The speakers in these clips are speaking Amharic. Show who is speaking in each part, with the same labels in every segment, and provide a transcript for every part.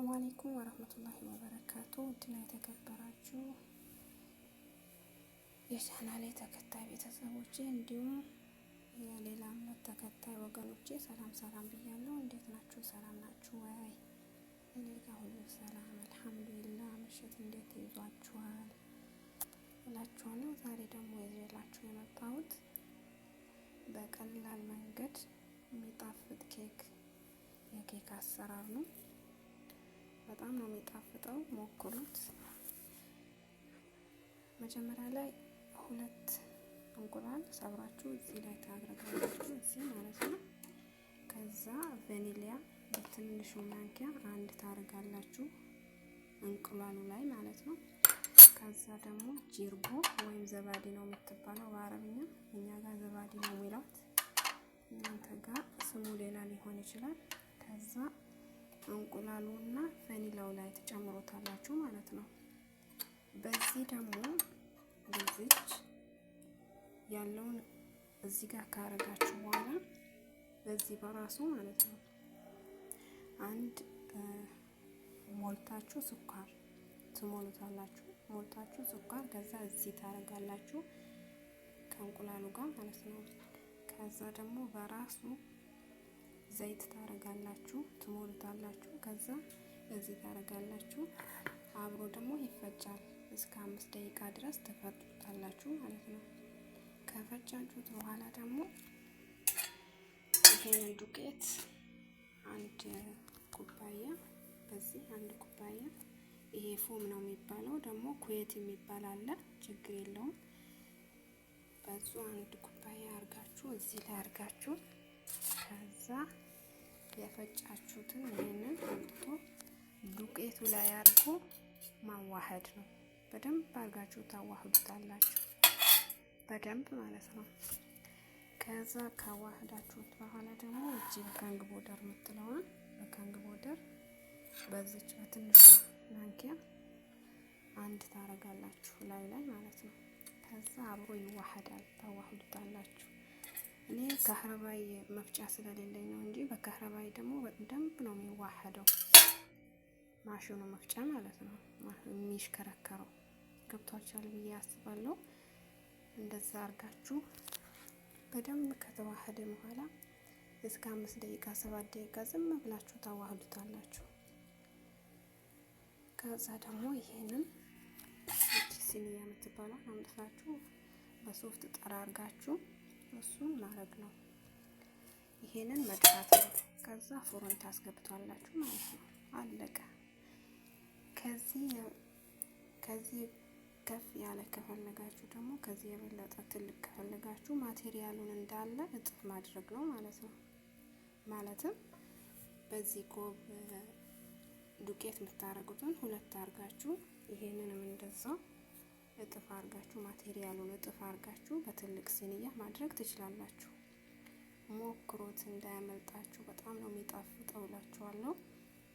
Speaker 1: አሰላሙ አሌይኩም ወረህመቱላሂ ወበረካቱ። ውድና የተከበራችሁ የቻናሌ ተከታይ ቤተሰቦቼ እንዲሁም የሌላ እምነት ተከታይ ወገኖቼ ሰላም ሰላም ብያለሁ። እንዴት ናችሁ? ሰላም ናችሁ ወይ? እኔ ሁሉ ሰላም አልሐምዱሊላ። ምሽት እንዴት ይዟችኋል? ነው። ዛሬ ደግሞ ይዤላችሁ የመጣሁት በቀላል መንገድ የሚጣፍጥ ኬክ የኬክ አሰራር ነው። በጣም ነው የሚጣፍጠው፣ ሞክሩት። መጀመሪያ ላይ ሁለት እንቁላል ሰብራችሁ እዚህ ላይ ታደርጋላችሁ፣ እዚህ ማለት ነው። ከዛ ቬኒሊያ በትንሹ ማንኪያ አንድ ታደርጋላችሁ፣ እንቁላሉ ላይ ማለት ነው። ከዛ ደግሞ ጅርቦ ወይም ዘባዲ ነው የምትባለው በአረብኛ። እኛ ጋር ዘባዲ ነው የሚሏት፣ እናንተ ጋር ስሙ ሌላ ሊሆን ይችላል። ከዛ እንቁላሉ እና ቫኒላው ላይ ተጨምሮታላችሁ ማለት ነው። በዚህ ደግሞ በዚች ያለውን እዚህ ጋር ካረጋችሁ በኋላ በዚህ በራሱ ማለት ነው አንድ ሞልታችሁ ስኳር ትሞሉታላችሁ። ሞልታችሁ ስኳር ከዛ እዚህ ታረጋላችሁ ከእንቁላሉ ጋር ማለት ነው። ከዛ ደግሞ በራሱ ዘይት ታረጋላችሁ፣ ትሞሉታላችሁ። ከዛ እዚህ ታረጋላችሁ። አብሮ ደግሞ ይፈጫል። እስከ አምስት ደቂቃ ድረስ ትፈጩታላችሁ ማለት ነው። ከፈጫችሁት በኋላ ደግሞ ይሄንን ዱቄት አንድ ኩባያ በዚህ አንድ ኩባያ ይሄ ፎም ነው የሚባለው። ደግሞ ኩዌት የሚባል አለ፣ ችግር የለውም። በዙ አንድ ኩባያ አርጋችሁ እዚህ ላይ አርጋችሁ ከዛ የፈጫችሁትን ይህንን አምጥቶ ዱቄቱ ላይ አድርጎ ማዋሃድ ነው። በደንብ አድርጋችሁ ታዋህዱታላችሁ። በደንብ ማለት ነው። ከዛ ካዋህዳችሁት በኋላ ደግሞ እጅ በካንግ ቦደር የምትለዋን በካንግ ቦደር በዚች በትንሽ ማንኪያ አንድ ታረጋላችሁ ላይ ላይ ማለት ነው። ከዛ አብሮ ይዋሃዳል፣ ታዋህዱታላችሁ ካህረባይ መፍጫ ስለሌለኝ ነው እንጂ በካህረባይ ደግሞ በደንብ ነው የሚዋሃደው። ማሽኑ መፍጫ ማለት ነው የሚሽከረከረው። ገብቷችኋል ብዬ አስባለሁ። እንደዛ አርጋችሁ በደንብ ከተዋሃደ በኋላ እስከ አምስት ደቂቃ ሰባት ደቂቃ ዝም ብላችሁ ታዋህዱታላችሁ። ከዛ ደግሞ ይሄንን ሲኒያ የምትባለው አምጥታችሁ በሶፍት ጠራርጋችሁ እሱን ማድረግ ነው። ይሄንን መጥፋት ነው። ከዛ ፎርን ታስገብቷላችሁ ማለት ነው። አለቀ። ከዚህ ከዚህ ከፍ ያለ ከፈለጋችሁ ደግሞ ከዚህ የበለጠ ትልቅ ከፈለጋችሁ ማቴሪያሉን እንዳለ እጥፍ ማድረግ ነው ማለት ነው። ማለትም በዚህ ኮብ ዱቄት የምታደርጉትን ሁለት አድርጋችሁ ይሄንንም እንደዛው እጥፍ አርጋችሁ ማቴሪያሉን እጥፍ አርጋችሁ በትልቅ ሲኒያ ማድረግ ትችላላችሁ። ሞክሮት እንዳያመልጣችሁ። በጣም ነው የሚጣፍጠው እላችኋለሁ።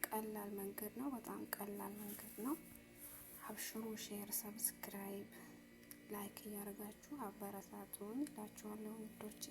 Speaker 1: ቀላል መንገድ ነው። በጣም ቀላል መንገድ ነው። አብሽሩ። ሼር፣ ሰብስክራይብ፣ ላይክ እያደረጋችሁ አበረታቱን እላችኋለሁ ውዶቼ።